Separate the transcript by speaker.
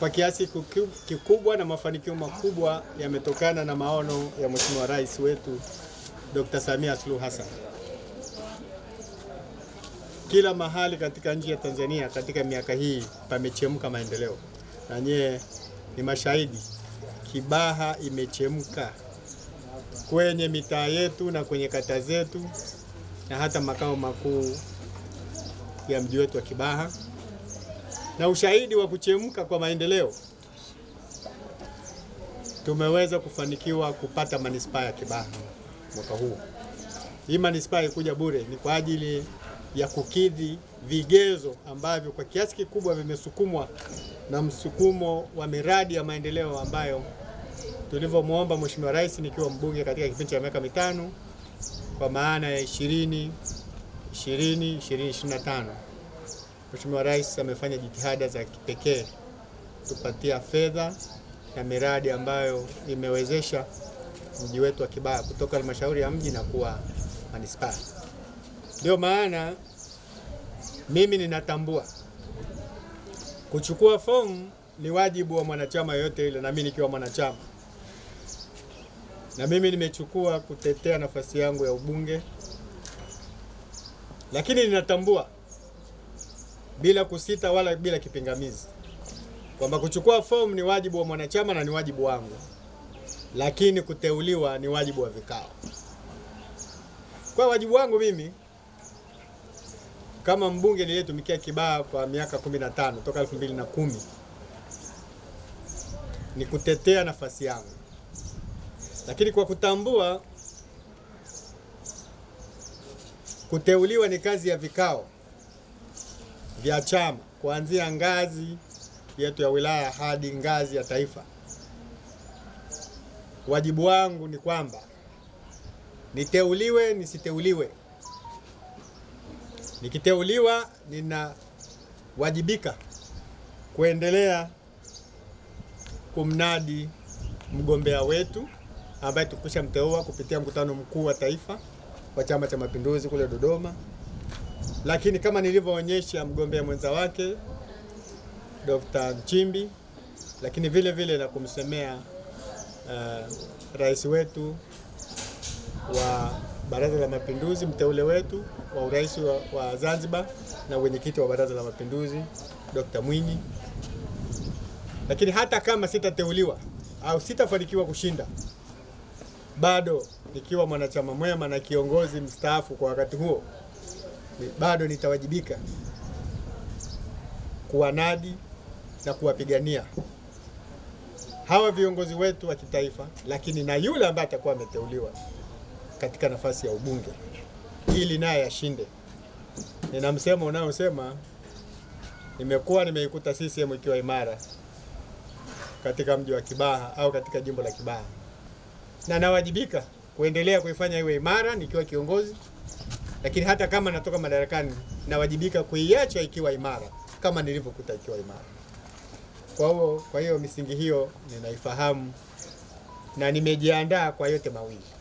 Speaker 1: Kwa kiasi kikubwa na mafanikio makubwa yametokana na maono ya Mheshimiwa Rais wetu Dr. Samia Suluhu Hassan. Kila mahali katika nchi ya Tanzania katika miaka hii pamechemka maendeleo, na nyie ni mashahidi. Kibaha imechemka kwenye mitaa yetu na kwenye kata zetu na hata makao makuu ya mji wetu wa Kibaha na ushahidi wa kuchemka kwa maendeleo, tumeweza kufanikiwa kupata manispaa ya Kibaha mwaka huu. Hii manispaa ikuja bure, ni kwa ajili ya kukidhi vigezo ambavyo kwa kiasi kikubwa vimesukumwa na msukumo wa miradi ya maendeleo ambayo tulivyomwomba Mheshimiwa Rais nikiwa mbunge katika kipindi cha miaka mitano kwa maana ya 20 20 20 25 Mheshimiwa Rais amefanya jitihada za kipekee kutupatia fedha na miradi ambayo imewezesha mji wetu wa Kibaha kutoka halmashauri ya mji na kuwa manispaa. Ndio maana mimi ninatambua kuchukua fomu ni wajibu wa mwanachama yoyote ile, na mimi nikiwa mwanachama, na mimi nimechukua kutetea nafasi yangu ya ubunge, lakini ninatambua bila kusita wala bila kipingamizi kwamba kuchukua fomu ni wajibu wa mwanachama na ni wajibu wangu, lakini kuteuliwa ni wajibu wa vikao. Kwa wajibu wangu mimi kama mbunge niliyetumikia Kibaha kwa miaka 15 toka 2010 ni kutetea nafasi yangu, lakini kwa kutambua kuteuliwa ni kazi ya vikao vya chama kuanzia ngazi yetu ya wilaya hadi ngazi ya taifa. Wajibu wangu ni kwamba niteuliwe nisiteuliwe, nikiteuliwa ninawajibika kuendelea kumnadi mgombea wetu ambaye tukushamteua kupitia mkutano mkuu wa taifa wa Chama cha Mapinduzi kule Dodoma lakini kama nilivyoonyesha mgombea mwenza wake Dr. Nchimbi, lakini vile vile na kumsemea uh, rais wetu wa Baraza la Mapinduzi, mteule wetu wa urais wa, wa Zanzibar na mwenyekiti wa Baraza la Mapinduzi Dr. Mwinyi. Lakini hata kama sitateuliwa au sitafanikiwa kushinda, bado nikiwa mwanachama mwema na kiongozi mstaafu kwa wakati huo bado nitawajibika kuwanadi na kuwapigania hawa viongozi wetu wa kitaifa, lakini na yule ambaye atakuwa ameteuliwa katika nafasi ya ubunge ili naye ashinde. Nina msemo unaosema nimekuwa nimeikuta CCM ikiwa imara katika mji wa Kibaha au katika jimbo la Kibaha, na nawajibika kuendelea kuifanya iwe imara nikiwa kiongozi lakini hata kama natoka madarakani nawajibika kuiacha ikiwa imara kama nilivyokuta ikiwa imara. Kwa hiyo kwa hiyo misingi hiyo ninaifahamu na nimejiandaa kwa yote mawili.